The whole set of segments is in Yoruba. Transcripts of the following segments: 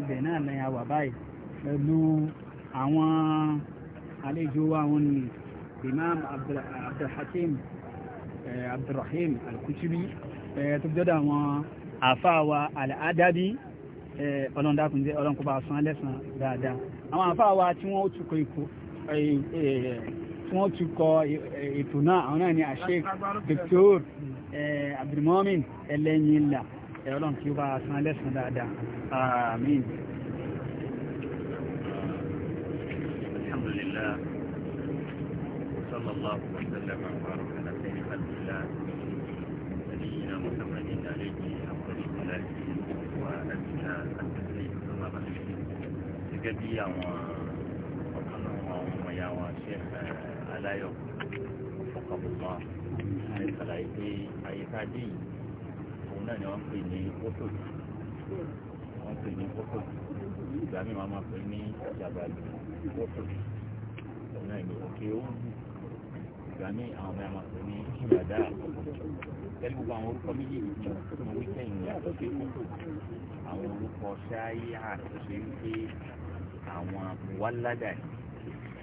ibẹ̀ náà lẹ́yìn àwà báyìí pẹ̀lú àwọn àlejò àwọn ni imam abdulhakim abdulrahim alkutubi tó jọ́dọ̀ àwọn àfáàwà al'adábí ọlọ́ndàkùnjẹ́ ọlọ́nkọba san lẹ́sàn dáadáa àwọn àfáàwà tí wọ́n tukọ̀ ikú tí wọ́n tukọ̀ e, e, ètò náà àwọn náà ni àṣẹ dr abdulmomin ẹlẹ́yìnlá ọlọ́run kí ó bá san lẹ́sàn-án dáadáa صلى الله وسلم وبارك على سيدنا محمد نبينا محمد عليه افضل الصلاه وادنى التسليم ثم بعد سجدي وقال اللهم يا شيخ على يوم وفقه الله عليه الصلاه والسلام náà ni wọ́n ń pè ní kótó wọ́n ń pè ní kótó ìgbà mi máa ma pè ní jàbàlì kótó ọ̀nà ìlú òkè òun ìgbà mi àwọn ọmọ ẹ̀ma pè ní ìyàdá tẹ́lẹ̀ gbogbo àwọn orúkọ méjèèjì tí wọ́n wí sẹ́yìn yàtọ̀ sí kótó àwọn orúkọ ṣááyé àtúnṣe wípé àwọn wáládà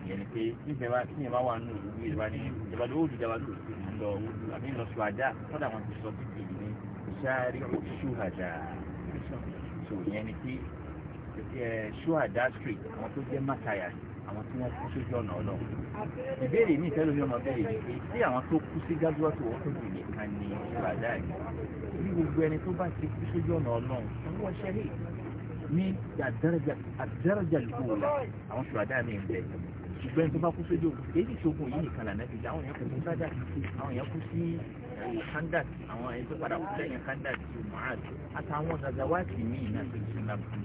yẹn ni pé níbi ni níbi bá wà nù ìlú ìjọba ní ìjọba ló wù ìjọba ló ń lọ àbí ń lọ sùn àjà kọ́dà wọn ti sọ bíbélì mọ̀ṣáárì ṣúhàdà so ìyẹn ni pé ṣúhàdà street àwọn tó jẹ́ mátayà àwọn tí wọ́n kú sójú ọ̀nà ọlọ́run ìbéèrè mi ìfẹ́ lórí ọmọ bẹ́ẹ̀ yìí pé tí àwọn tó kú sí gájúwá tó wọ́n tó jù nìkan ni ṣúhàdà yìí bí gbogbo ẹni tó bá ti kú sójú ọ̀nà ọlọ́run wọ́n ṣẹ́lẹ̀ ní àdẹ́rẹ́jà lùkúwò la àwọn ṣùgbọ́n mi ń bẹ̀ ṣùgbọ́n tó bá kú sójú èyí ṣogun yìí nìkan lànà ìjà àwọn èèyàn kò sí sádà àwọn èèyàn kú sí kandad àwọn èyí tó padà kúlẹ̀ yẹn kandad ti mohad àtàwọn gàgàwáàtì míì náà ti sùn lábùkù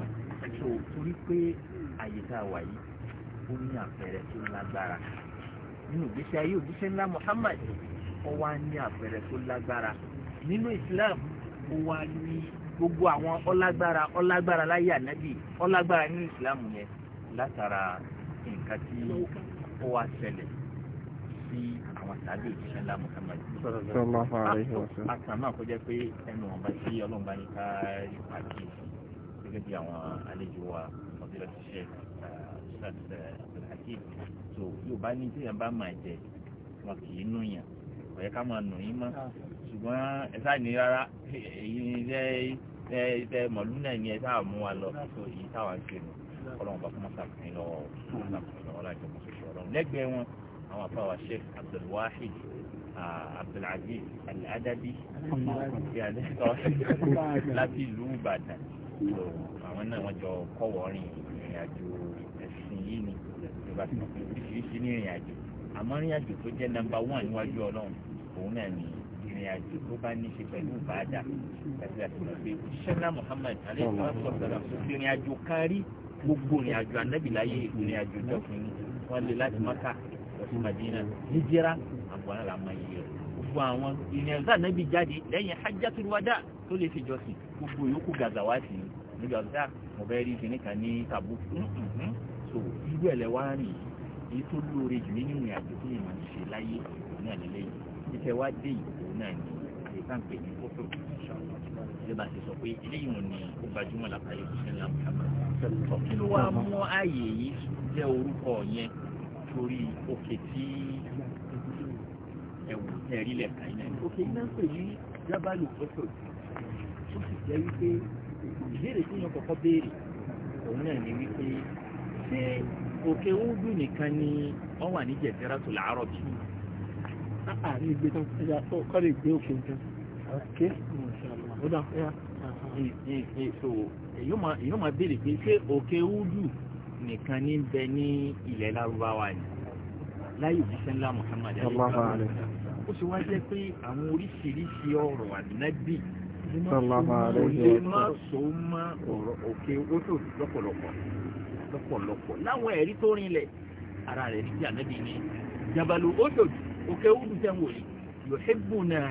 tó torí pé àyíká wa yìí ó ní àpẹẹrẹ tó lágbára nínú ìgbésí ayé òjíṣẹ́ ńlá Muhammad ó wá ní àpẹẹrẹ tó lágbára nínú Islam ó wá ní gbogbo àwọn ọlágbára ọlágbára láyé ànábì ọlágbára nínú Islam yẹn látara nǹkan tí ó wá ṣẹlẹ̀ sí àwọn sàbí ìṣẹ́ ńlá Muhammad sallallahu alaihi wasallam àtàmà kó jẹ́ pé ẹnu ọ̀bá sí ọlọ́run bá ní ká pàkí gẹ́gẹ́ bí àwọn àlejò wa ọ̀bílọ̀ ti ṣe ṣàtìlẹ́kì tó yóò bá ní tí yẹn bá máa jẹ wọn kì í nù yàn ọ̀yẹ́ ká máa nù yín mọ́ ṣùgbọ́n ẹ sáà ní rárá èyí ni ẹ mọ̀lú náà ni ẹ sáà mú wa lọ tó èyí táwa ń ṣe nù ọlọ́run bá fún mọ́sàkùnrin lẹ́gbẹ̀ẹ́ wọn àwọn àfáwà sheikh abdulwahid abdulaziz aladabi láti ìlú ìbàdàn àwọn náà wọ́n jọ kọ́wọ́ rìn ìrìn àjò ẹ̀sìn yìí ni ìjọba tí wọ́n fi oríṣiríṣi ní ìrìn àjò àmọ́ ìrìn àjò tó jẹ́ nọ́mbà wán níwájú ọlọ́run òun náà ni ìrìn àjò tó bá ní ṣe pẹ̀lú ìbàdàn àti àtìmọ̀ pé ṣẹ́lá muhammad alẹ́ ìfọwọ́sọ̀ sọ̀rọ̀ ìrìn àjò kárí gbogbo ìrìn anábìláyé ìrìn àjò wọn lè láti mọ́ta sí Madina hijira àwọn ará máa yí rẹ̀ gbogbo àwọn ìrìnàjò ànábì jáde lẹ́yìn hajjatul wada tó lè fi jọsìn gbogbo yòókù gazawati níbi ọ̀dá mo fẹ́ rí kìnnì kan ní tabu mm-hmm. so irú ẹ̀lẹ́ wá rìn yìí tó lóore jù nínú ìrìn àjò tó yẹn máa ń ṣe láyé òun náà lélẹ́yìn títẹ wá dé ìgbòho náà ní àyíkáǹpẹ̀ ní kófò ìjọba ti sọ pé eléyìí wọn ni ó gbajúmọ̀ lápá yóò ṣe ńlá mùsàmá kí ló wá mú ààyè yìí jẹ́ orúkọ yẹn torí òkè tí ẹ̀wù ẹ̀rí lẹ̀ ká iná òkè iná pè ní jábàlù pẹ́tọ̀ tó sì jẹ́ wípé ìbéèrè tí yàn kọ́kọ́ béèrè òun náà ni wípé ṣé òkè oúdù nìkan ni wọ́n wà ní jẹ̀sẹ̀rà tó làárọ̀ bí. Ah, ah, àárín ìgbé tán ẹja tó kọ́ lè gbé òkè nǹkan. òkè ó dà. Eh, eh, eh, èyí ó máa béèrè pé ṣé òkè oúdù nìkan ní bẹ ní ilẹ̀ lárúbáwá ni láyé òjíṣẹ́ ńlá Muhammad alẹ́ ó sì wá jẹ́ pé àwọn oríṣiríṣi ọ̀rọ̀ ànábì ilé má so má ọ̀rọ̀ òkè odò lọ́pọ̀lọpọ̀ lọ́pọ̀lọpọ̀ láwọn ẹ̀rí tó rinlẹ̀ ara rẹ̀ ní kí ànábì ní jabalu odò òkè odò tẹ̀ wòlíì yòóhébù náà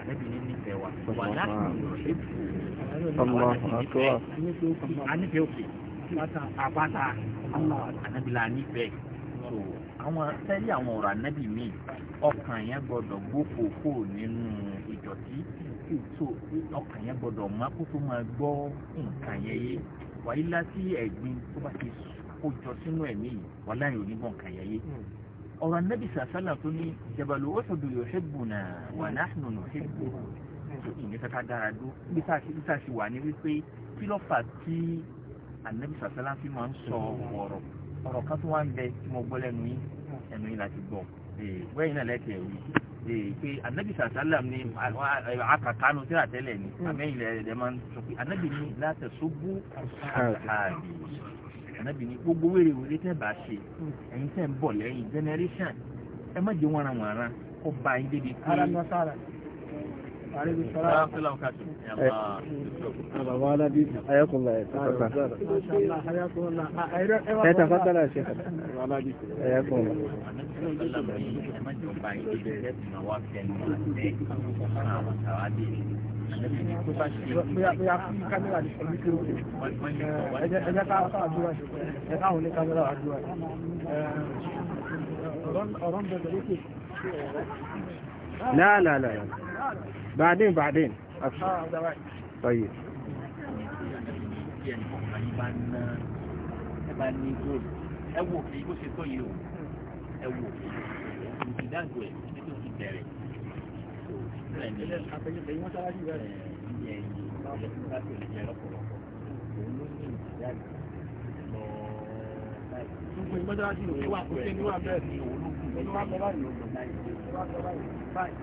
ànábì ní nífẹ̀ẹ́ wa wà láti yòóhébù náà ànífẹ̀ẹ́ òkè àpáta ànábìlà níbẹ̀ so àwọn sẹ́yìn àwọn ọ̀rọ̀ ànábì míì ọkàn yẹn gbọ́dọ̀ gbókòókò nínú ìdọ̀tí so ọkàn yẹn gbọ́dọ̀ máa kó tó máa gbọ́ nǹkan yẹn yé wàyí láti ẹ̀gbin tó bá ti kó jọ sínú ẹ̀mí yìí wà láyìn onígbọ̀n kan yẹn yé ọ̀rọ̀ ànábì sàṣálà tó ní jabalu uhudu yuhibbuna wa nahnu nuhibbuhu ìyẹn kẹta dára dó bí sáà ṣe wà ní wípé kí ló fà tí ànábì sàtẹ́lá fi máa ń sọ ọ̀rọ̀ ọ̀rọ̀ kan tó wá ń bẹ tí mo gbọ́ lẹ́nu yín ẹnu yín láti gbọ́ wẹ́yìn náà lẹ́tẹ̀ wí pé ànábì sàtẹ́lá ni akàkánu tí àtẹ́lẹ̀ ni hmm. àmẹ́yìn lẹ́ẹ̀dẹ̀ máa ń sọ pé ànábì ni látẹ̀sógún àbí ànábì ni gbogbo wèrèwèrè tẹ́ bá ṣe hmm. ẹ̀yin tẹ́ ń bọ̀ lẹ́yìn generation ẹ má jẹ́ wọ́n ra wọ́n ra kó ba yín débi pé تفضل يا شيخ حياكم الله لا لا لا لا بعدين بعدين أبشر طيب ẹwọ fi bó ṣe tó yìí o ẹwọ ìdáǹkò ẹ nítorí ti bẹ̀rẹ̀ ẹni àpẹjẹpẹ yìí wọn sára sí bẹ̀rẹ̀ ẹni ẹni láti lè jẹ lọ́pọ̀lọpọ̀ òun ló ní ìdáǹkò lọ gbogbo ìmọ̀sára sí òun wà kó ṣe níwà bẹ́ẹ̀ ni òun ló kù lọ́wọ́ bẹ́ẹ̀ báyìí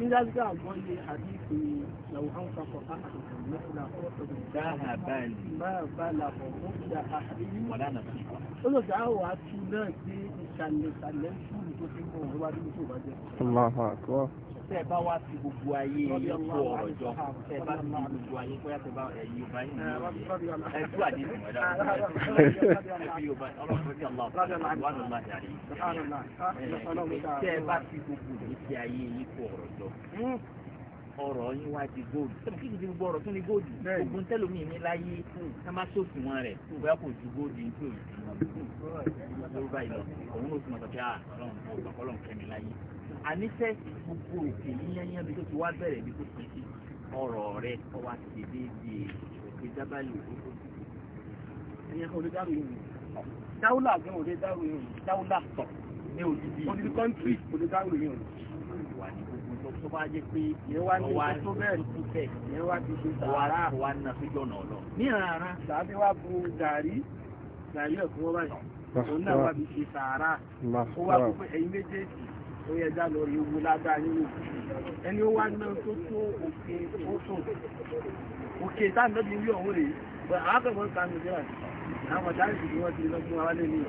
nígbàgbà àwọn ilé àdíkù làwọn àǹfààfọ̀ àhàdùkù mẹ́fìlà ọ̀tọ̀dù dáàbàlà ọ̀pọ̀ ìjà àhàdìyí olóògbé àwọ̀ àtú náà gbé ìṣàlẹ̀ ìṣàlẹ̀ ìṣúlù tó fi ń bọ̀ wọ́n wá dúró tó bá jẹ́ tẹ́ ẹ bá wá sí gbogbo ayé kó ọ̀rọ̀ jọ tẹ́ ẹ bá sí gbogbo ayé kó yá tẹ́ bá ẹ ọba yìí ẹ tú àdínú ẹ̀dá ẹ fi ọba ọlọ́run tí ọlọ́run wà ló máa yàrá yìí tẹ́ ẹ bá sí gbogbo ìgbésí ayé yín hmm. wá di góòlù tẹ́lẹ̀ kí n ti gbogbo ọ̀rọ̀ tó ní góòlù ogun tẹ́lómi ní láyé ká hmm. má sófin wọn rẹ̀ hmm. bóyá kò ju góòlù ní tòun ìdí wọn lórúkọ ìlọ òun ló fi mọ̀ sọ pé à ah, ọlọ́run kọ́ ọlọ́run kẹ́mi láyé àníṣe gbogbo òkè yíyányán bí tó ti wá bẹ̀rẹ̀ bí tó ti ti ọ̀rọ̀ rẹ ọwọ́ àti dèdè di òkè jábàlì òkú ẹ̀yẹ kan ló dárò ìrìn dáúlà gan òde dárò ìrìn dáúlà tọ̀ ní òdìdí òdìdí kọ́ńtírì òde dárò ìrìn wà ní gbogbo tó bá jẹ́ pé ọwọ́ àti tó bẹ̀ ní wá ti ṣe wàrà wà nà fi jọ̀nà ọ̀nà ní ìrànràn tàbí wá bu gàrí gàrí ọ̀tún wọ́n báyìí òun náà wá fi ṣe sàárà ó wá pé ẹ̀yin méjèèjì tó yẹ já lọ ewu lágbára nínú ẹni ó wá náà tó tó òkè ọ̀sùn òkè táàmì wí ọ̀hún rèé bẹ́ẹ̀ àákọ̀mọ́ kan ní bẹ́ẹ̀ àwọn ọ̀dá ìṣèlú wọn ti lọ́gbọ́n wa lé ní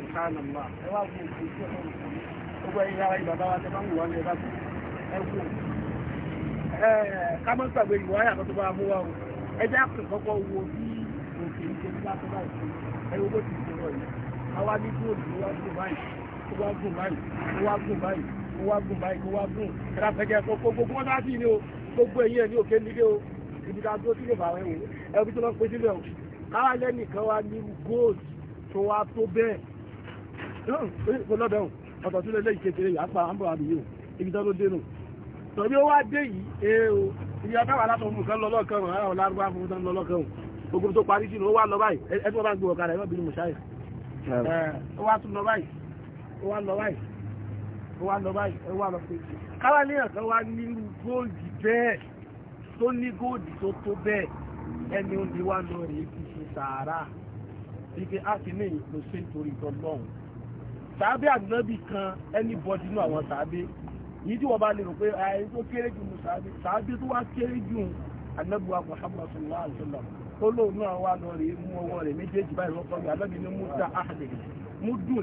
ìṣàlọ́mà ẹ wá fún òkè tí ọ̀hún gbogbo ẹ̀yìn ara ìbàbá wa tẹ́ bá ń wù wá ní ẹ̀dá fún ẹ wù ẹ kámọ́ gbàgbé ìwà ayà tó bá mú wa o ẹ jẹ́ àpèkọ́kọ́ wo bí òkè ìṣèlú bá tó bá ìṣèlú ẹ wo kó wá gùn báyìí kó wá gùn báyìí kó wá gùn báyìí kó wá gùn ẹ̀rọ àfẹ́jẹ́ sọ gbogbo wọn dá sí ni o gbogbo èyí ẹ̀ ní òkè nílé o ibi ká dúró sílẹ̀ bàwẹ́ o ẹbí tó lọ pé sílẹ̀ o káwá lẹ́nìkan wá ní gold tó wá tó bẹ́ẹ̀ kó lọ́bẹ̀ o ọ̀tọ̀ tó lé lẹ́yìn kékeré yìí apá àmbọ̀ àbí yìí o ibi tó ló dé nù tọ́bí ó wá dé yìí ee o ibi akáwà látọ̀ fún nǹkan lọ́lọ́kan o àwọn olárúbá fún nǹkan lọ́lọ́kan o gbogbo tó parí sínú ó wá lọ báyìí ẹ ó wá lọ báyìí ó wá lọ báyìí ó wá lọ pé káwá ní ọ̀sán wá nírú góòlì bẹ́ẹ̀ tó ní góòlì tó tó bẹ́ẹ̀ ẹni ó ní wá lọ rèé fi ṣe sàárà wípé a ti ní ìpò ṣe nítorí ìtọ́lọ́hún sàábé ànábì kan ẹni bọ́dí inú àwọn sàábé yìí tí wọ́n bá lè rò pé ayé tó kéré jù mú sàábé sàábé tó wá kéré jù ànábì wa Muhammad sallallahu alaihi wasallam ó lóun náà wá lọ rèé mú ọwọ́ rẹ̀ méjèèjì báyìí lọ́kọ́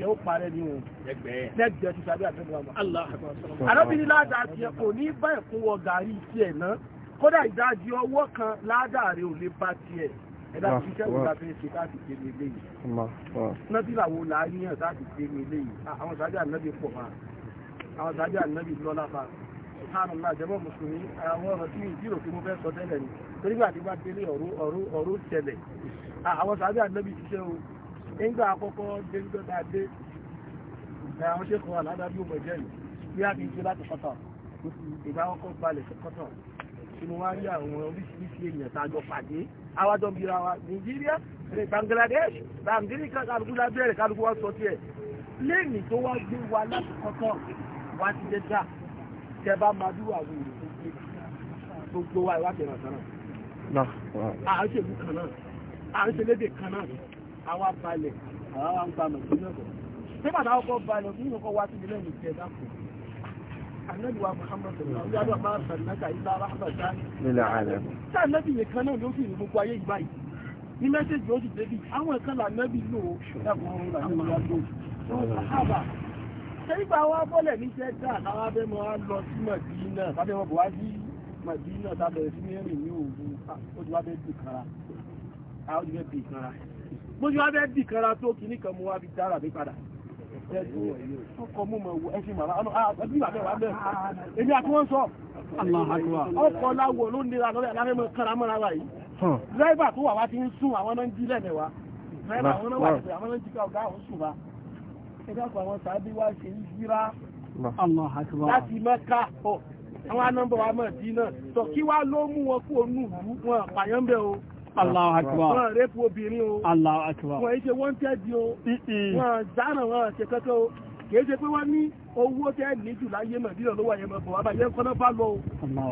yóò parẹ́ ní òun lẹ́gbẹ̀ẹ́ ti sàbí àtẹ́gbàmọ́. alábìnrin ládàá tiẹ̀ kò ní bá ẹ̀kún wọ gàrí tiẹ̀ náà kódà ìdájí ọwọ́ kan ládàá rẹ̀ ò lè bá tiẹ̀ ẹ̀dá ti ṣẹ́ òun láti ṣe láti gbé mi léyìí. nọ́bí làwọn làáníyàn láti gbé mi léyìí àwọn sàbí ànábì pọ̀ máa àwọn sàbí ànábì lọ́lá máa subhanallah jẹmọ́ mùsùlùmí àwọn ọ̀rọ̀ tí ìjírò tí mo fẹ́ sọ tẹ́lẹ̀ ni torígbà tí bá délé ọ̀rọ̀ ọ̀rọ̀ ṣẹlẹ̀ àwọn sàbí ànábì ṣiṣẹ́ o nígbà àkọ́kọ́ délúgbọ́ta dé àwọn ṣékùn wà ládájú ọmọ ìjẹ́ ìlú bí a ti ń ṣe láti kọ́tọ̀ ìgbà àkọ́kọ́ balẹ̀ sí kọ́tọ̀ tí mo wá rí àwọn oríṣiríṣi èèyàn tá a jọ pàdé awájọ́ bí ra wa Nàìjíríà Bangladesh Bangladesh kálukú lábẹ́rẹ̀ kálukú wá sọ tiẹ̀ léèmì tó wá gbé wa láti kọ́tọ̀ wá ti dé dà tẹ bá máa dúró àwọn èrò tó gbé tó gbó wa ìwádìí ràn kan à ń ṣèlú kan náà à ń ṣe lédè kan náà àwa balẹ̀ àwa wa ń gba mẹ̀sílẹ̀ ọ̀dọ̀ tí bàtà ọkọ̀ balẹ̀ fún ìyọkọ̀ wa ti dilẹ̀ nìkẹ́ dákùn annabi wa muhammad sallallahu alaihi wa sallam sannaka illa rahmatan lil alamin ta annabi ne kan náà ló fi gbogbo ayé yìí báyìí ní mẹ́sẹ̀jì ó ti débi àwọn kan là nábì lò ó ṣẹ́gun ọ̀run là nínú wa lò ó ṣẹ́gbà wa bọ́lẹ̀ ní jẹ́dá àwọn abẹ́mọ́ á lọ sí màdínà tábẹ́mọ́ bó ṣe wá fẹ́ dì kanra tó kìíní kan mo wá fi dára mi padà ọkọ̀ mú mọ̀ wọ ẹṣin màrá ẹbí bàbá wà bẹ́ẹ̀ èmi àti wọ́n sọ ọkọ̀ láwọ̀ ló nira lọ́rẹ́ aláfẹ́ mọ́ kanra mọ́ra wa yìí dírẹ́bà tó wà wá ti ń sùn àwọn náà ń jí lẹ́mẹ̀wá dírẹ́bà àwọn náà wà ti àwọn náà ń jí ká ọ̀gá àwọn sùn wa ẹgbẹ́ àpò àwọn sàábí wá ṣe ń yíra láti mẹ́ka àwọn Allah akbar. Wọ́n rẹ́pù obìnrin o. Allahu akbar. Wọ́n ṣe wọ́n tẹ́dí o. Wọ́n dáná wọn ṣe kẹ́kẹ́ o. Kìí ṣe pé wọ́n ní owó tẹ́ ní láyé mọ̀ nílò lówó ẹ̀yẹ mọ̀bọ̀ wábà kọ́nà bá lọ o.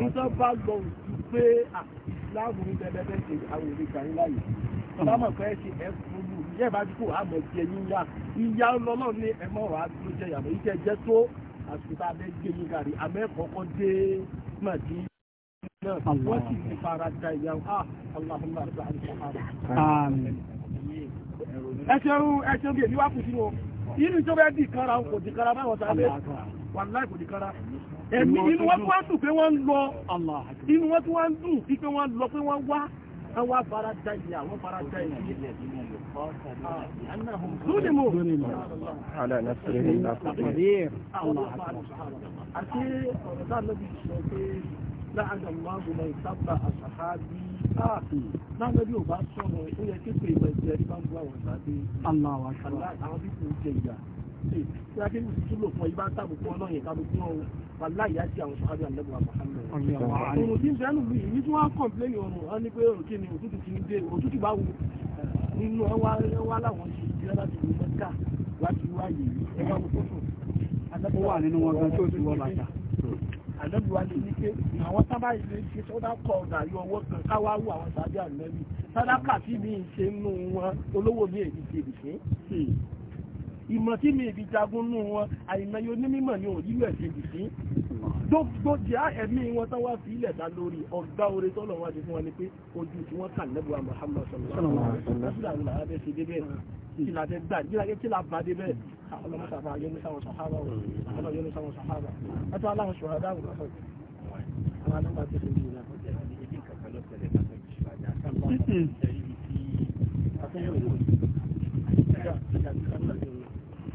Nítorí bá ní bẹ́ẹ̀ bá dúkù àmọ̀ jẹ yíyá wọ́n sì ti fara da ìyàwó aláhùnmá àti àìsàn ẹ̀ṣẹ̀rún ẹ̀ṣẹ̀ bí èmi wá kù sínú inú tó bẹ́ẹ̀ dìkára kò dìkára báwọn sáré wà láì kò dìkára ẹ̀mí inú wọn tó wá dùn pé wọ́n lọ inú wọn tó wá ń dùn sí pé wọ́n lọ pé wọ́n wá àwọn fara da ìyà wọ́n fara da ìyà lónìí mo ala nasiri ní àkókò àti ọ̀rọ̀ sáà lọ́bí sọ pé láàdàmọ́gbò lọ ìsábà àṣàhábí láàfin lágbẹ́bí ò bá sọ̀rọ̀ ó yẹ kí pé ìmọ̀ ìjẹ́ rí bá ń bú àwọn ìgbàdé aláwọ̀ àwọn bí kò jẹ ìyà ṣe tí a kí ní ìtú lò fún ibà tábùkù ọlọ́yìn tábùkù ọ̀hún wà láyé àti àwọn sọ̀hábí àlẹ́bùwà Muhammad òun tí ń bẹ́ẹ̀ lùlù yìí tí wọ́n kọ̀m̀pléènì ọ̀run wọn ni pé òkè ni òtútù ti ń dé òtútù bá wù nínú ẹwà láwọn ṣe ìjẹ́ láti wù mẹ́kà láti wáyé ẹwà wù fọ́tò. ó wà nínú wọn gan tó ti wọ bàtà àlẹ́bíwá lè ní pé àwọn sábà ilé ṣe sọ́dá kọ ọ̀dàrí ọwọ́ kan káwáwú àwọn sábẹ́ àlẹ́bí sádákà tí mi ń ṣe nù wọn olówó mi èyí ṣe ìṣe ìmọ̀ tí mi ìbí jagun nù wọn àìmọye onímọ̀ ni ò yílẹ̀ ṣe bì sí gbogbo jẹ́ ẹ̀mí wọn tán wá fi ilẹ̀ dá lórí ọ̀gá oore tọ́lọ̀ wá ti fún wọn ni pé ojú tí wọ́n kà lẹ́bùwà Muhammad sallallahu alaihi wasallam kí làwọn làwọn ṣe débẹ̀ kí làwọn gbà kí làwọn bá débẹ̀ ọlọ́mọ́sàfà yẹnu sáwọn sàhábà wọn yẹnu sáwọn sàhábà ẹ̀tọ́ aláwọn ṣọ̀rọ̀ dáhùn lọ́sọ̀rọ̀ àwọn aláwọ̀ àti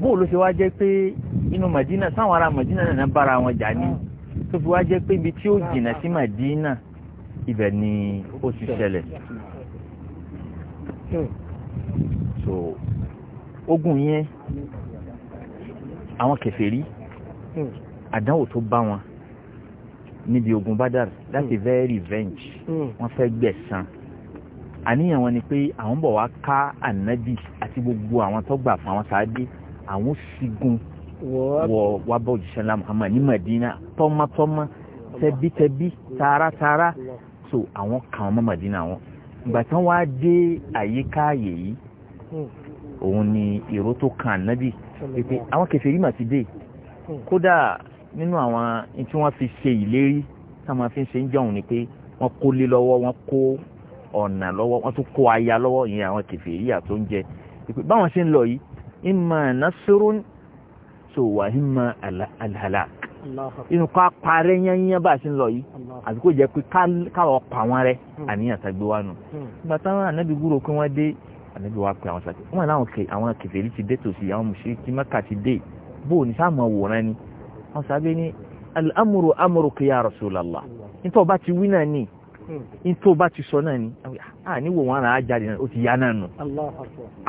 bóòlù ṣe wá jẹ́ pé inú Madina sáwọn ará Madina náà bára wọn jà ní ah. tó fi wá jẹ́ pé ibi tí ó jìnnà sí Madina ibẹ̀ ni ó ti ṣẹlẹ̀ so ogun yẹn àwọn kèfèrí àdánwò tó bá wọn níbi ogun Badar láti very revenge hmm. wọ́n fẹ́ gbẹ̀san àníyàn wọn ni pé àwọn bọ̀ wá ká ànábì àti gbogbo àwọn tó fún àwọn sáájú àwọn sigun wọ wá bá òjíṣẹ́ ńlá Muhammad ní Madina tọ́mọtọ́mọ tẹbítẹbí tààràtààrà so àwọn kàn mọ́ Madina wọn ìgbà tán wá dé àyíká ààyè yìí òun ni èrò tó kan ànábì pé àwọn kèfèrí mà ti dé kódà nínú àwọn tí wọ́n fi ṣe ìlérí táwọn fi ń ṣe ń jọun ni pé wọ́n kó lé lọ́wọ́ wọ́n kó ọ̀nà lọ́wọ́ wọ́n tún kó aya lọ́wọ́ ìyẹn àwọn kẹfẹ́ yìí àtó ń jẹ ìpè báwọn ṣe ń lọ yìí imma nasrun so wà imma alhalak inú ká parẹ́ yányán bá ṣe ń lọ yìí àti kó jẹ́ pé káwọ́ pa wọn rẹ hmm. àníyàn tàgbé wa nù nígbà hmm. táwọn ànábì gbúrò pé wọ́n dé ànábì wa pé àwọn sàkè wọn làwọn àwọn kẹfẹ́ yìí ti dé tòsí àwọn mùsùlùmí mẹ́ka ti dé bóò ní sáà mọ̀ wòran ni wọ́n sábẹ́ ní al-amru amruka ya rasulallah hmm. nítorí ọba ti wí náà ni ní tó bá ti sọ náà ni àníwò wọn ara jáde náà ó ti yá náà nù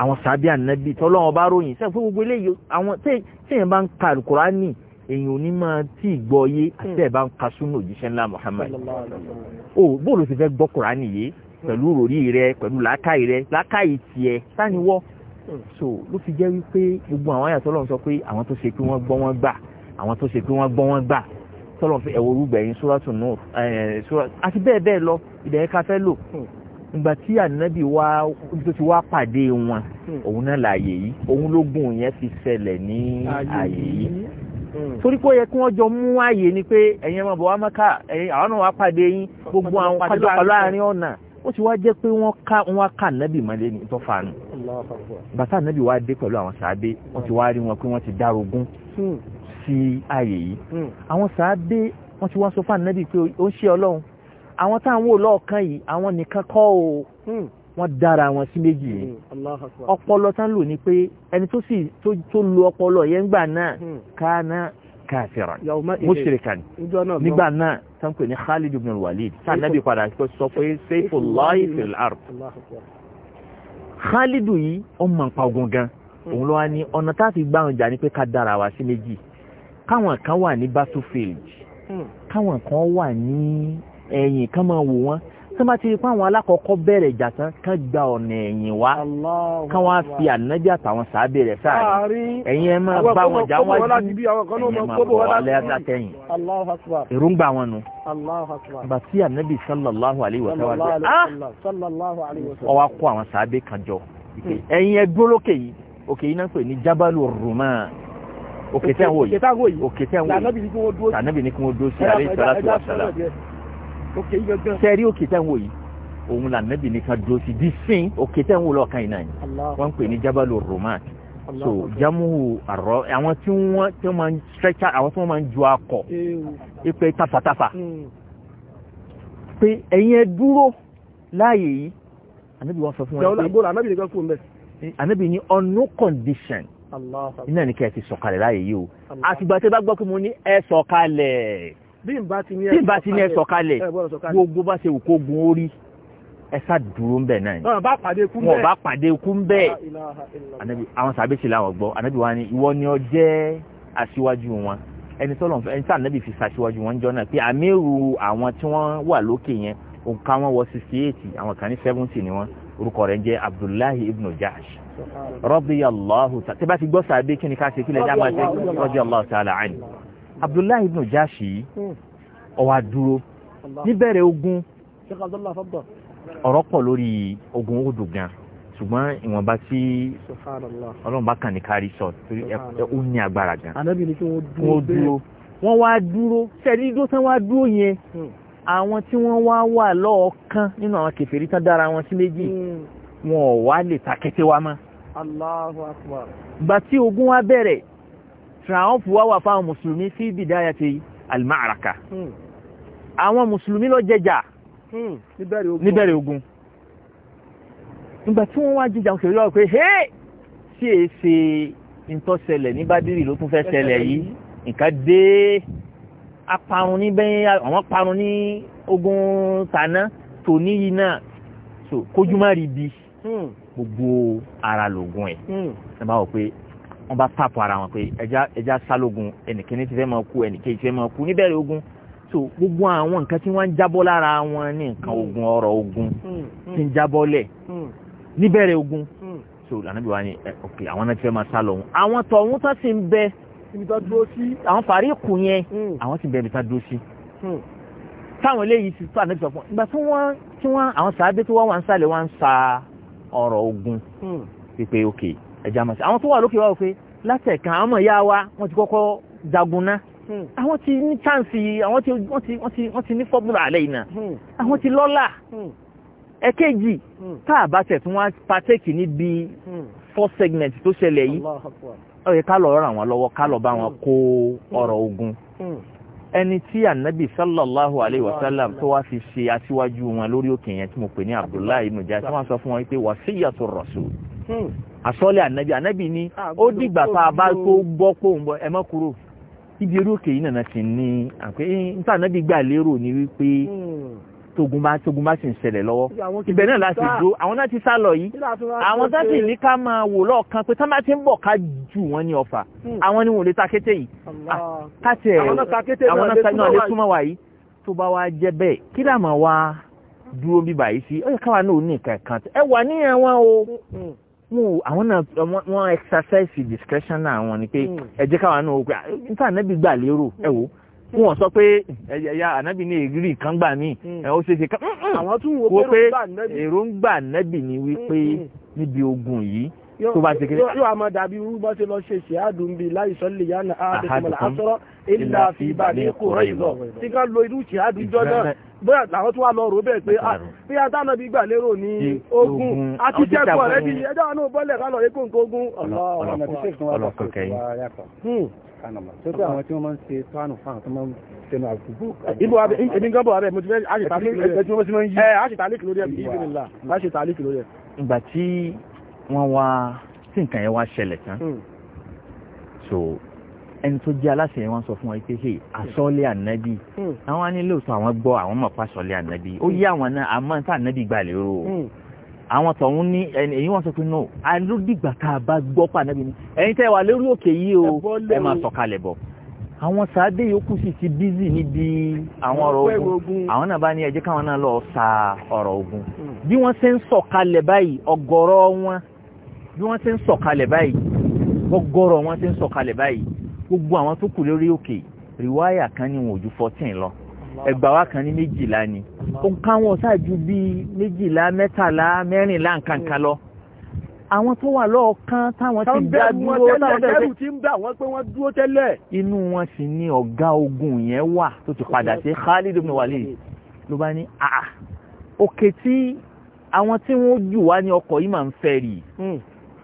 àwọn sàbí ànábì tọ́lọ́wọ́n bá ròyìn sẹ́yìn fún gbogbo eléyìí àwọn tẹ́yìn bá ń ka Kùránì èyàn ò ní máa tí gbọ́ yé àti ẹ̀ bá ń ka súnú òjíṣẹ́ ńlá Muhammad o bóòlù ti fẹ́ gbọ́ Kùránì yé pẹ̀lú ròrí rẹ pẹ̀lú làákàyè rẹ làákàyè tiẹ̀ sániwọ́ so ló fi jẹ́ wípé gbogbo àwọn àyàtọ̀ tọ́lọ̀ fi ẹ̀wọ̀ orúgbẹ̀yìn sóràtún náà àti bẹ́ẹ̀ bẹ́ẹ̀ lọ ìdẹ̀yẹ ká fẹ́ lò hmm. ìgbà tí ànábì wá ibi tó ti wá pàdé wọn hmm. òun náà láàyè yìí òun lógún yẹn fi ṣẹlẹ̀ ní àyè yìí hmm. torí pé ó yẹ kí wọ́n jọ mú àyè ni pé ẹ̀yin ọmọ bọ̀ wá mọ́ká ẹ̀yin àwọn náà wá pàdé yín gbogbo àwọn pàjọpọ̀ láàrin ọ̀nà ó ti wá jẹ́ pé wọ́n ká wọ́n ká ànábì mọ́lẹ́ ní ìtọ́fàánù bàtà ànábì wá dé pẹ̀lú àwọn sàábé wọ́n ti wá rí wọn pé wọ́n ti dárogún sí ààyè yìí hmm. àwọn sàábé wọ́n ti wá sọ fún ànábì pé ó ń ṣe ọlọ́run àwọn táwọn olóòkan yìí àwọn nìkan kọ́ o hmm. wọ́n dára wọn sí méjì yìí hmm. ọpọlọ tán lò ní pé ẹni tó sì tó lo ọpọlọ yẹn gbà náà kana kafiran mushrikan nígbà náà tán pè ní Khalid ibn al-Walid sànábì padà sọ pé sayfullahi fil ard Khalidu yìí ó mọ̀ ogun gan òun ló wá ní ọ̀nà tá a fi gbà jà ní pé ká dára wa sí méjì káwọn kan wà ní battlefield hmm. káwọn kan wà ní ẹ̀yìn kan máa wò wọ́n tí wọ́n ti rí pé àwọn alákọ̀ọ́kọ́ bẹ̀rẹ̀ ìjà tán kán gba ọ̀nà ẹ̀yìn wá kán wá fi ànájà àtàwọn sàábẹ̀ rẹ̀ sáàrin ẹ̀yìn ẹ̀ máa bá wọn jà wájú ẹ̀yìn máa bọ̀ wálé àtàtẹ̀yìn èròǹgbà wọn nu. bàtí ànábì sallallahu alayhi wa sallam ọwọ́ ah! kó àwọn sàábẹ̀ kan jọ hmm. ẹ̀yìn ẹgbẹ́ olókè yìí òkè yìí náà pè ní jábàlú rùmán òkè tẹ́ ń wò yìí òkè tẹ́ ń wò yìí tànàbì ní kí wọ́n dúró sí alẹ́ ìsọ́lá tó wà sálà sẹ́rí òkè tẹ́ ń wò yìí òun là nàbì ní ká dúró sí bí sín òkè tẹ́ ń wò lọ́ọ̀kan yìí náà ni wọ́n ń pè ní jábàlù romat so jamuhu àrọ àwọn tí wọ́n tí wọ́n máa ń stretcher àwọn tí wọ́n máa ń ju akọ ipe tafatafa hmm. pé ẹ̀yin ẹ dúró láàyè yìí ànábì wọn sọ fún wọn pé ànábì ní on no condition iná ní kẹ́ẹ̀ ti sọ̀kalẹ̀ láàyè yìí o àtìgbà tẹ́ bá gbọ́ pé mo ní ẹ sọ̀kalẹ̀ bí n bá ti ní ẹ sọ̀kalẹ̀ gbogbo bá ṣe òkó gun orí ẹ sá dúró ń bẹ̀ náà ni wọn bá pàdé ikú ń bẹ̀ àwọn sàbẹ̀sì làwọn gbọ́ ànábì wa ni ìwọ ni ọ jẹ́ aṣíwájú wọn ẹni tọ́lọ̀ ẹni tí ànábì fi ṣaṣíwájú wọn jọ náà pé àmírù àwọn tí wọ́n wà lókè yẹn òǹkà wọn wọ sixty eight àwọn kan ní seventy ni wọn orúkọ rẹ̀ ń jẹ́ Abdullahi ibn Jahsh radiyallahu ta'ala tí bá ti gbọ́ sàbí kí ni ká ṣe kílẹ̀ jáma ṣe radiyallahu ta'ala anhu hmm. abdullahi ibn jashi hmm. ó wá dúró níbẹ̀rẹ̀ ogun ọ̀rọ̀ pọ̀ lórí ogun odò gan ṣùgbọ́n ìwọ̀nba tí ọlọ́run bá kàn ní kárí sọ torí ó ní agbára gan wọ́n dúró wọ́n wá dúró sẹ́ẹ̀dí dúró tán wá dúró yẹn hmm. àwọn tí wọ́n wá wà lọ́ọ̀kan nínú àwọn kèfèrí tán dára wọn sí méjì wọn ò wá lè takété wa mọ́ Allahu akbar. gbà tí ogun wa bẹ̀rẹ̀ triumph wá wà fáwọn mùsùlùmí fi bidayati al-ma'raka hmm. àwọn mùsùlùmí ló jẹjà hmm. níbẹ̀rẹ̀ ogun nígbà tí wọ́n wá jíjà òkè lọ́wọ́ pé hé sí èsè ìtọ́sẹlẹ̀ ní bádìrì ló tún fẹ́ ṣẹlẹ̀ yìí nǹkan dé aparun ní bẹ́yìn àwọn parun ní ogun tàná tòní yìí náà kójú má rí bi Hmm. gbogbo ara lògùn ẹ̀ ẹ hmm. bá wọ pé wọ́n bá tàpọ̀ ara wọn pé ẹja ẹja sálógun ẹnìkíní ti fẹ́ máa kú ẹnìkejì ti fẹ́ máa kú níbẹ̀rẹ̀ ogun so gbogbo àwọn nǹkan tí wọ́n ń jábọ́ lára wọn ní nǹkan hmm. ogun ọ̀rọ̀ ogun ti ń jábọ́ lẹ̀ níbẹ̀rẹ̀ ogun so lànàbí wa ni ẹ eh, ok àwọn náà ti fẹ́ máa sá lọ wọn àwọn tọ̀hún tán sì ń bẹ àwọn fàárí kù yẹn àwọn sì ń bẹ ibi tá dúró sí táwọn eléyìí ti tó ànábì sọ fún un ìgbà tí wọ́n àwọn sàábé tí wọ́n wà ń sálẹ̀ wọ́n ń sa ọ̀rọ̀ ogun pípé hmm. òkè ẹja mọ̀ sí àwọn tó wà lókè wá òfin látẹ̀ka àwọn ọmọ ìyá wa wọ́n ti kọ́kọ́ jagun ná hmm. àwọn ti ní chance àwọn ti wọ́n ti wọ́n ti wọ́n ti ní fọ́bùlà alẹ́ yìí náà hmm. àwọn ti lọ́lá ẹ̀kejì tá a bá tẹ̀ tí wọ́n partake níbi four segment tó ṣẹlẹ̀ yìí ó yẹ ká lọ ràn wọ́n lọ́wọ́ ká lọ bá wọn kó ọ̀rọ̀ ogun ẹni tí ànábì sallallahu alayhi wa sallam tó wá fi ṣe aṣíwájú wọn lórí òkè yẹn tí mo pè ní abdullahi ibn tí wọ́n sọ fún wọn pé wà rasul hmm. àsọ́lẹ̀ ànábì ànábì ni ah, ó dìgbà tá a bá tó gbọ́ pò ń bọ́ ẹ kúrò ibi orí òkè yìí ní àpé ànábì tógun bá tógun bá sì ń ṣẹlẹ̀ lọ́wọ́ ibẹ̀ náà láti dúró àwọn náà ti sá lọ yìí àwọn tó sì ní ká máa wò lọ́ọ̀kan pé tán bá ti ń bọ̀ ká jù wọ́n ní ọfà hmm. àwọn ni wọ́n lè takété yìí ah, káṣẹ àwọn náà lè túmọ̀ wá yìí tó bá wá jẹ́ bẹ́ẹ̀ kí dà máa wá dúró bíbà yìí sí ó káwa náà ò ní nǹkan kan ẹ wà níyẹn wọn o hmm. wọn àwọn náà wọn exercise discretion náà wọn ni pé hmm. ẹ jẹ́ káwa náà ó pé ah, nítorí àná wọn sọ pé ẹ̀yà ànábì ní ìrírí kan gbà mí hmm. ẹ̀ ó ṣeéṣe kan mm, mm. àwọn tún wo pé èròǹgbà ànábì ni wípé hmm, hmm. níbi ogun yìí tó bá ti kiri. yóò àmọ́ dàbí irú bá ṣe lọ ṣe ṣe àdùn bíi láìsọ lè yá na àdùnkùnmọ̀lá aṣọ́rọ́ ìlà fi Bani Qurayza tí ká lo irú ṣe àdùnjọ́ náà bóyá làwọn tó wà lọ rò bẹ́ẹ̀ pé ah, bí adáná bí gbà lérò ní ogun àti jẹ́kọ̀ọ́ rẹ̀ bí ẹjọ́ àwọn náà bọ́lẹ̀ ká lọ rí kóńkó ogun Ibu abẹ ibi gan bọ̀ abẹ mo ti fẹ́ àṣetàlíkì lórí ẹ̀ bí ìbìnlá. Àṣetàlíkì lórí ẹ̀. Ìgbà tí wọ́n wá tí nǹkan yẹn wá ṣẹlẹ̀ tán hmm. so ẹni tó jẹ́ aláṣẹ yẹn wọ́n sọ fún wọn pé hey asọ́lé ànábì hmm. àwọn á nílò sọ àwọn gbọ́ àwọn mọ̀ pa asọ́lé ànábì ó yí hmm. àwọn náà àmọ́ tá ànábì gbà lérò o àwọn tọ̀hún ní èyí wọ́n sọ pé no alódìgbà tá a bá gbọ́ pa ànábì ni ẹ̀yin tẹ́ wà lórí òkè yìí o ẹ máa sọ̀kalẹ̀ bọ̀ àwọn sáadé yòókù sì ti bízì níbi àwọn ọ̀rọ̀ ogun àwọn náà bá ní ẹ káwọn náà lọ sa ọ̀rọ̀ ogun bí wọ́n ṣe ń sọ̀kalẹ̀ báyìí ọ̀gọ̀rọ̀ wọn bí wọ́n ti ń sọ̀kalẹ̀ báyìí gbọ́gọ́rọ̀ wọ́n ti ń sọ̀kalẹ̀ báyìí gbogbo àwọn tó kù lórí òkè rìwáyà kan ní wọn ò ju fourteen lọ ẹgbàá wa kan ní méjìlá ni ó ń ká wọn ṣáàjú bíi méjìlá mẹ́tàlá mẹ́rìnlá nǹkankan lọ àwọn tó wà lọ́ọ̀kan táwọn ti dá dúró táwọn tẹ́lẹ̀ tí ń bá wọn pé wọ́n dúró tẹ́lẹ̀. inú wọn sì ni ọ̀gá ogun yẹn wà tó ti padà sí Khalid ibn Walid ló bá ní àà òkè tí àwọn tí wọ́n jù wá ní ọkọ̀ yìí máa ń fẹ́ rí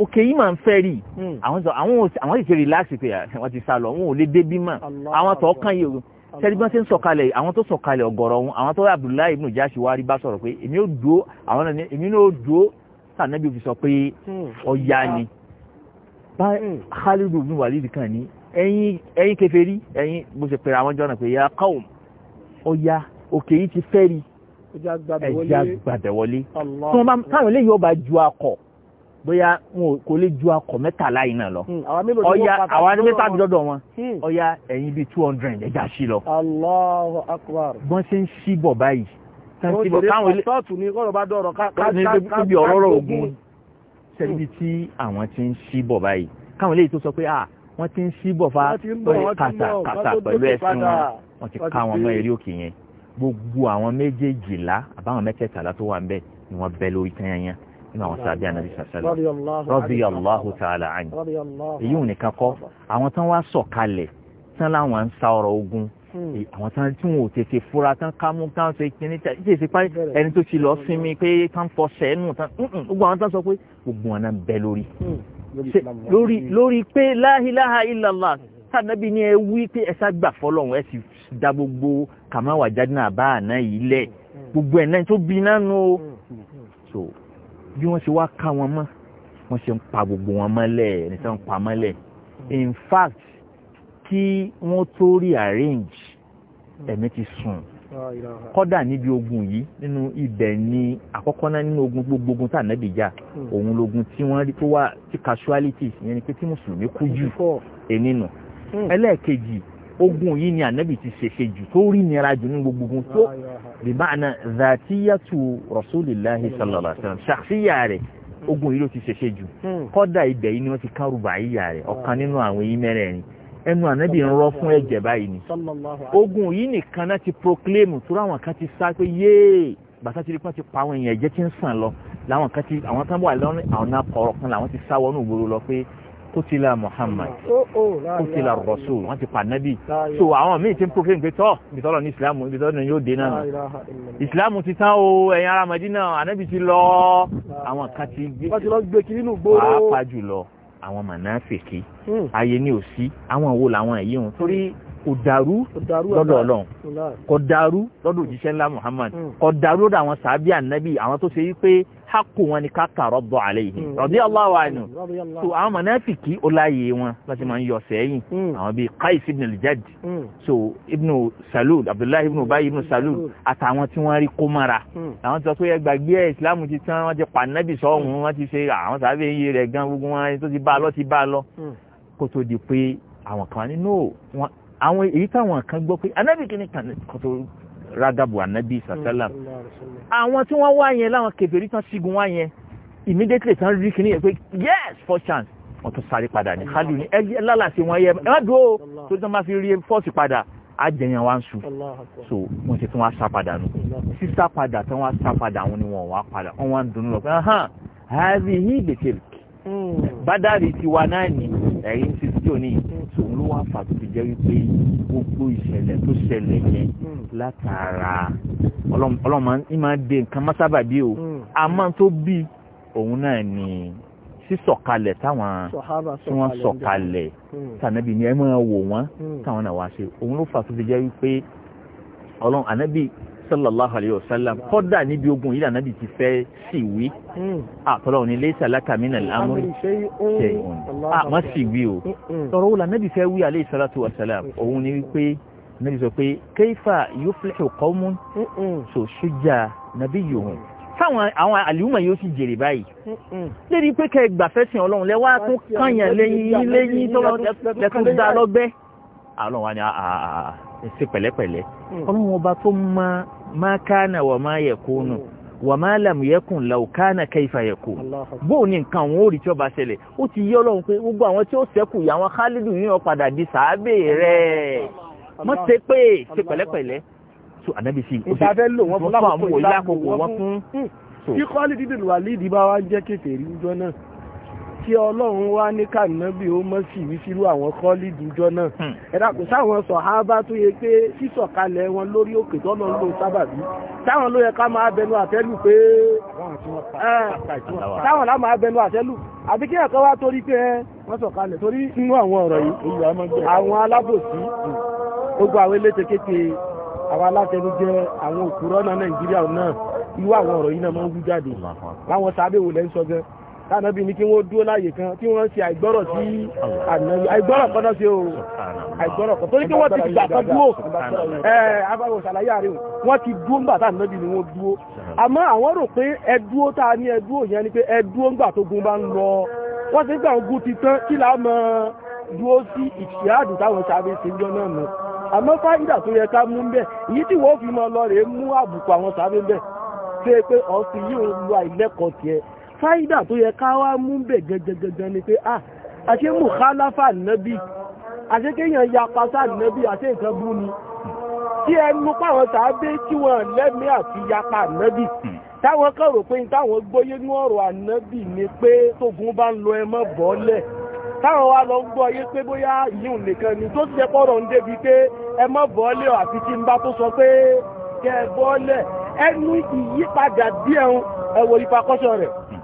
òkè yìí máa ń fẹ́ rí hmm. àwọn sọ àwọn àwọn ìṣe rìláàsì pé ah, wọ́n ti sá lọ wọn ò lè dé bí mà àwọn tó kàn yìí sẹ́ni bí wọ́n ṣe ń sọ̀kalẹ̀ àwọn tó sọ̀kalẹ̀ ọ̀gọ̀rọ̀ wọn àwọn tó Abdullahi ibn Jashi wá rí bá sọ̀rọ̀ pé èmi ò dúó àwọn náà èmi náà ò dúó sànẹ́bí fi sọ pé hmm. ọ̀yá ni hmm. bá Khalidu ibn Walid kan ní ẹ̀yin ẹ̀yin kèfèrí ẹ̀yin bó ṣe pèrè àwọn jọ́nà pé ya qaum ọ̀yá òkè yìí ti fẹ́ rí ẹ̀já gbàbẹ̀wọlé táwọn eléyìí ọba ju akọ̀ bóyá kò lè ju akọ̀ mẹ́tàlá yìí náà lọ hmm, ọya àwọn adébẹ́ta dọ́dọ̀ wọn hmm. ọya ẹ̀yìn bíi two hundred ẹja sí lọ. Allahu Akbar. bọ́n ṣe ń ṣíbọ̀ báyìí. káwọn ilé tọ́ọ̀tù ni kọ́rọ̀ bá dọ̀rọ̀ ká ká ká bí ọ̀rọ̀ ogun ṣẹ́ni tí àwọn ti ń ṣíbọ̀ báyìí káwọn ilé tó sọ pé ah wọ́n ti ń ṣíbọ̀ fa kàtà kàtà pẹ̀lú ẹ̀sìn wọn wọ́n ti ká wọn mọ́ eré òkè yẹn gbogbo àwọn méjèèjìlá àbáwọn mẹ́tẹ̀ẹ̀tàlá tó wà ń bẹ̀ ni wọ́n bẹ́ lórí tẹ́yẹ̀yẹ́ nínú àwọn sàbí ànábì sàṣẹlẹ radiyallahu ta'ala anhu èyí ò nìkan kọ́ àwọn tán wá sọ̀kalẹ̀ tán láwọn ń sa ọ̀rọ̀ ogun hmm. àwọn tán tí wọn ò tètè fura tán ká mú tán ṣe kíní tán ṣe ṣe pa ẹni tó ti lọ sinmi pé tán fọ sẹ́nu tán mm, mm, gbogbo àwọn tán sọ pé gbogbo wọn bẹ lórí hmm. hmm. lórí pé la ilaha illallah ni ẹ wí pé ẹ ságbà fọlọ́run ẹ sì da gbogbo kàmáwá jáde náà bá àná yìí lẹ̀ gbogbo ẹ̀ náà tó bí náà nù ó bí wọ́n ṣe wá ká wọn mọ́ wọ́n ṣe ń pa gbogbo wọn mọ́lẹ̀ ẹni tí wọ́n pa mọ́lẹ̀ in fact kí wọ́n tó rí arrange ẹ̀mí ti sùn kọ́dà níbi ogun yìí nínú ibẹ̀ ni àkọ́kọ́ náà nínú ogun gbogbo ogun tá ànábì jà hmm. òun logun tí wọ́n rí tó wá tí casualties ìyẹn ni pé tí mùsùlùmí kú jù ẹni nù hmm. ẹlẹ́ẹ̀kejì ogun yìí ni ànábì ti ṣèṣe jù tó rí nira jù ní gbogbo tó ah, bìmáàna zàtíyàtù rasulillahi الله alaihi wasallam ṣàkṣíyà rẹ̀ ogun yìí ló ti ṣẹṣẹ jù hmm. kọ́dà ibẹ̀ yìí ni wọ́n ti kárù bàyíyà rẹ̀ ọ̀kan nínú àwọn èyí mẹ́rẹ̀ẹ̀rin ẹnu ànábì ń rọ fún ẹ̀jẹ̀ báyìí ni ogun yìí nìkan náà ti proclaim tó láwọn kan ti sá pé yéè bàtà tí wọ́n ti pa àwọn èèyàn ẹ̀jẹ̀ ti ń sàn lọ làwọn kan ti àwọn tán àlọ́ àwọn náà kọ̀ọ̀kan làwọn ti sá wọnú ìgboro lọ pé kutila muhammad kutila oh, oh, oh, rasul wọ́n ti pa nabi so àwọn míì ti ń profane pé tọ́ ìbítọ́lọ̀ ní ìsìlámù ìbítọ́lọ̀ ní yóò dé náà ìsìlámù ti tán o ẹ̀yin ará madina anabi ti lọ àwọn kan ti gbé kiri nù gbòòrò pàápàá jùlọ àwọn mànáfèké hmm. ayé ní òsí àwọn wo làwọn èyí hùn torí kò dàrú lọ́dọ̀ ọlọ́run kò dàrú lọ́dọ̀ òjíṣẹ́ ńlá muhammad hmm. kò dàrú lọ́dọ̀ àwọn sàábì ànábì àwọn tó ṣe yí pé hákò wọn ni ká kàrọ́ bọ̀ àlẹ́ yìí hmm. radiyallahu anhu so àwọn mọ̀nàfìkì ó láàyè wọn láti máa ń yọ sẹ́yìn hmm. àwọn bíi Qais ibn al-Jadd hmm. so ibn Salul Abdullahi ibn Ubay ibn Salul àtàwọn tí wọ́n rí kó mara àwọn tí wọ́n pé ẹgbàgbé ẹ̀ Islam ti tán wọ́n ti pa nábì sọ́hún wọ́n ti ṣe àwọn sábẹ́ iye rẹ̀ gan gbogbo wọn tó ti bá a lọ ti bá a lọ kó tó di pé àwọn kan ní àwọn èyí táwọn kan gbọ́ pé anábì kìíní kan kò tó ragabu anabi sasalam àwọn tí wọ́n wá yẹn láwọn kèfèrí tán sígun wá yẹn immediately tán rí kìíní yẹn pé yes first chance wọ́n tún sáré padà ní mm. kálù ní ẹgbẹ́ lálàsí wọn yẹ ẹ má dúró tó tán bá fi rí fọ́ọ̀sì padà ajẹyàn wa ń su so wọ́n ti tún wá sá padà nù sísá padà tán wá sá padà àwọn ni wọ́n wá padà wọ́n wá ń dunnú lọ pé hàn hàbí yìí bètè bádàrí tiwa náà ni ẹ̀yìn ti tí ò ní tòun ló wá fà tó fi jẹ́ wípé gbogbo ìṣẹ̀lẹ̀ tó ṣẹlẹ̀ yẹn látara ọlọ́mọ ní máa de nǹkan mọ́sábàbí o àmọ́ hmm. tó bí òun náà ni sísọ̀kalẹ̀ táwọn tí wọ́n sọ̀kalẹ̀ hmm. tànàbí ni ẹ máa wò wọ́n táwọn hmm. náà wá ṣe òun ló fà tó fi jẹ́ wípé ọlọ́run ànábì sallallahu alayhi wa sallam kọ́dà níbi ogun yìí ànábì ti fẹ́ sì wí hmm. àtọ́lọ́wọ́ ni laysa laka min al-amri shay'un àmọ́ sì wí o sọ̀rọ̀ hmm, hmm. wò lànàbì fẹ́ wí alayhi salatu wa salam òun ni wípé nàbì sọ pé kayfa yuflihu qawmun so shujja nabiyyuhum táwọn àwọn àlìhùmọ̀ yóò sì jèrè báyìí lédi pé kẹ gbàfẹ́sìn ọlọ́run lẹ́wọ́ tún kànyàn lẹ́yìn lẹ́yìn tọ́lọ́tún dá lọ́gbẹ́ àwọn wa ni àà ẹ̀sìn pẹ̀lẹ́pẹ̀lẹ́ ọlọ́run ọba tó máa ma kana wa ma yakunu wa ma lam yakun law kana kayfa yakun bó ní nǹkan wọn ò rí tí ó bá ṣẹlẹ̀ ó ti yé ọlọ́run pé gbogbo àwọn tí ó sẹ́kù yà wọn Khalidu ní ó padà di sàábè rẹ̀ mọ́ ṣe pé ṣe pẹ̀lẹ́pẹ̀lẹ́ so ànábì sí i ó ṣe wọ́n fún àwọn òyìnbó wọn fún. kí Khalidu wà lídìí bá wá jẹ́ kékeré níjọ náà tí ọlọ́run wá ní kànábì ó mọ́ sí ìwísírú àwọn kọ́ọ̀lì ìdújọ́ náà hmm. ẹ̀dá kò sáwọn sọ̀hábà tó yẹ pé sísọ̀kalẹ̀ wọn lórí òkè tọ́lọ́ ń sábàbí táwọn ló yẹ ká máa bẹnu àtẹ́lù pé táwọn lá máa bẹnu àtẹ́lù àbí kí ẹ̀kọ́ wá torí pé wọ́n sọ̀kalẹ̀ torí nínú àwọn ọ̀rọ̀ yìí àwọn alábòsí gbogbo àwọn elétekéte àwọn alátẹnujẹ àwọn òkúrọ́ náà Nàìjíríà náà irú àwọn ọ̀rọ̀ yìí náà máa ń wú jáde láwọn sábẹ́wò lẹ́ ń sọ gan tánàbí ní kí wọ́n dúó láàyè kan tí wọ́n ṣe àìgbọ́rọ̀ sí ànàbí àìgbọ́rọ̀ kan náà ṣe o àìgbọ́rọ̀ kan torí pé wọ́n ti gbà kan dúó abáwọ̀ ṣàlàyé àárín wọ́n ti dúó ńgbà tánàbí ni wọ́n dúó àmọ́ àwọn rò pé ẹdúó tá a ní ẹdúó yẹn ni pé ẹdúó ńgbà tó gun bá ń lọ wọ́n ti gbà ogun ti tán kí la mọ dúó sí ìṣíàdù táwọn sábẹ́ ṣe jọ náà mọ́ àmọ́ fáyidà tó yẹ ká mú bẹ́ẹ̀ èyí tí wọ́n fi mọ lọ rèé mú àbùkù àwọn sábẹ́ bẹ́ẹ̀ ṣe pé ọ̀sìn yìí ń lo àìlẹ́kọ̀ọ́ tiẹ̀ fáìdà tó yẹ káwà mú bẹ̀ gẹ́gẹ́gẹ́gẹ́ ni pé ah àṣé mùkálàfà nẹ́bí àṣé kéèyàn ya pàṣà nẹ́bí àṣé nǹkan bú ni tí ẹnu pàwọn tàbí tí wọ́n àti yapa nẹ́bí táwọn kan rò pé táwọn gbóyé ní ọ̀rọ̀ ni pé tógun bá ń lọ bọ́ọ̀lẹ̀ táwọn wa lọ gbọ́ ni tó ti pọ́rọ̀ ń débi pé bọ́ọ̀lẹ̀ tí ń bá tó sọ pé kẹ́ bọ́ọ̀lẹ̀ ẹnu ìyípadà díẹ̀ ẹ̀wọ̀ ìfakọ́sọ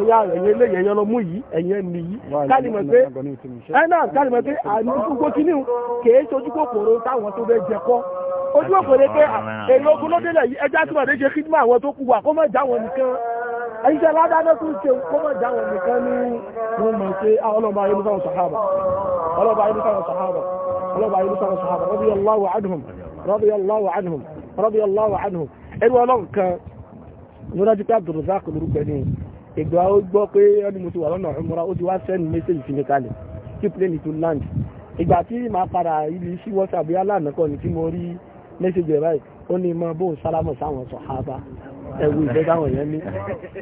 ẹ̀yà ẹ̀yẹ lẹ́yìn ẹ̀yẹ lọ mú yìí ẹ̀yẹ nìyí kálímọ̀ pé ẹ̀nà kálímọ̀ pé àmójúgbó kínní kèé sojú kòkòrò táwọn tó fẹ́ jẹ kọ́ ojú òkòrò pé èrè ogun ló délẹ̀ yìí ẹja tó àdéjẹ kí mú àwọn tó kù wà kó mọ̀ já nìkan ẹ̀yíṣẹ́ ládáná tó ń ṣe kó mọ̀ já nìkan ní wọn mọ̀ pé ọlọ́ba ayélujára sàhábà ọlọ́ba ayélujára sàhábà ọlọ́ba ìgbà ó gbọ́ pé ẹni mo ti wà lọ́nà ìmúra ó ti wá send message sí mi kalẹ̀ kí plane to land ìgbà tí màá padà ibi sí WhatsApp bí aláàánú kan ní tí mo rí message rẹ̀ báyìí ó ní mọ bóun sálámọ̀ sáwọn sọ̀hábà ẹ̀wù ìgbẹ́ táwọn yẹn ní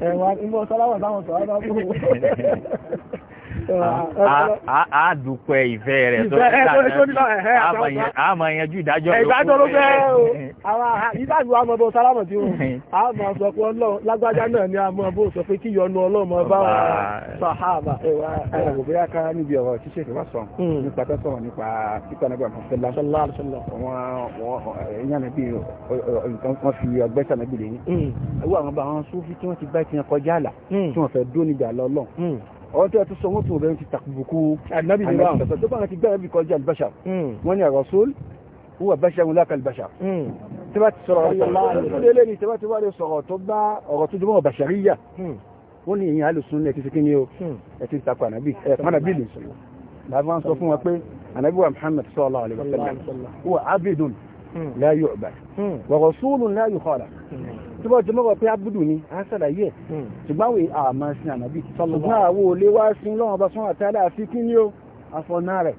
ẹ̀wà sálámọ̀ sáwọn sọ̀hábà fún a dúpẹ́ ìfẹ́ rẹ̀ tó ní àmọ́ yanjú ìdájọ́ ló kú ìdájọ́ ló fẹ́ o ìdájọ́ àmọ́ bó sálámọ̀ tí ó àmọ́ sọ pé ọlọ́run lágbájá náà ni àmọ́ bó sọ pé kí yọnu ọlọ́run bá wà sàhábà. ẹ̀rọ kò bóyá ká níbi ọ̀rọ̀ ṣíṣe ìwà sọ nípa tó sọ̀rọ̀ nípa pípa nígbà mọ̀sẹ́lá wọ́n fi ọgbẹ́ sàmẹ́bìlẹ̀ hmm. yín. àwọn àwọn bá wọn sófin tí wọ́n ti bá ti yan kọjá àlà hmm. tí wọ́n fẹ́ dó níbi àlọ́ ọlọ́run hmm àwọn tó ẹ̀tọ́ sọmọ́ tó bẹ̀rẹ̀ ti tàkùbùkú ànábì ní wọ́n tó bá ti gbẹ̀rẹ̀ bí kọjá albáṣà hmm. wọ́n ni àrọ̀sọ́l hmm. wọ́n báṣà wọn láka albáṣà tí bá ti sọ̀rọ̀ ọ̀rọ̀ ní tí bá ti wá lè sọ̀rọ̀ tó bá ọ̀rọ̀ tó jọmọ́ bàṣàríyà hmm. wọ́n ni ìyìn alùsùn ẹ̀ ti fi kíni o ẹ̀ ti takọ̀ ànábì ẹ̀ ànábì lè tó bọ́ jẹ́ mọ́kọ̀ pé abúdù ni a ṣàlàyé ẹ̀ hmm. ṣùgbọ́n wè àmà sí ànàbí ṣùgbọ́n àwọ olè wá sí lọ́wọ́ bá sọ́wọ́ àtàlà àfi kí ní ó afọ́nà rẹ̀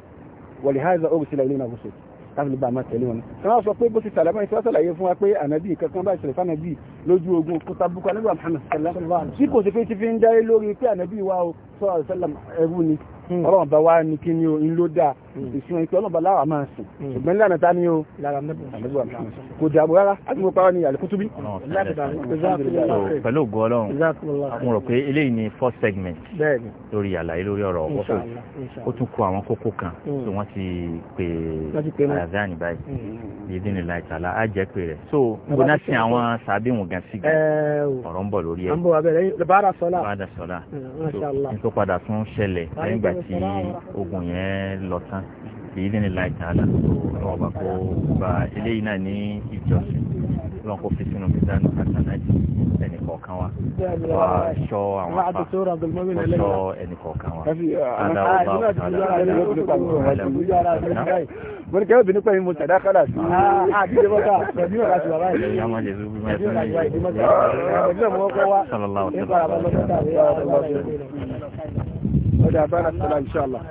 wọ̀lì háìzà ó sílẹ̀ ilé ìnàbùsù láti bá máa tẹ̀lé wọn kan sọ pé bó ti tàlàbá ìṣẹ́ ṣàlàyé fún wa pé ànàbí kankan bá ìṣẹ̀lẹ̀ fánàbí lójú ogun kó tabukọ sọ́rọ̀ àìsẹ́lẹ̀m ẹrú ni hmm. ọlọ́run bá wá ní kí ni o ń ló dáa ìṣúná ìpẹ́ ọlọ́run bá láwà máa sùn hmm. ṣùgbọ́n nílànà tá ni o kò dàbò lórí àlàyé ọ̀rọ̀ hmm. so gbóná sí àwọn sàbíwọ̀n gan sí gan eh, ọ̀rọ̀ ń bọ̀ lórí ẹ̀ bàdà sọ́lá tó padà tún ṣẹlẹ̀ lẹ́yìn ìgbà tí ogun yẹn lọ tán èyí lè ní láìka àlà tó ọ̀rọ̀ bá kó gba eléyìí náà ní ìjọsìn lọ́n kó fi sínú fídánù àtànájì ẹnì kọ̀ọ̀kan wa wà á ṣọ́ àwọn apá ṣọ́ ẹnì kọ̀ọ̀kan wa wọ́n kẹ́wọ́ bí nípa ìmú tàdákàlà sí àdíjẹ́mọ́ta pẹ̀lú ọ̀rá ti wàrá ìlú ọjọ́ àbára sọ́lá inṣáàlá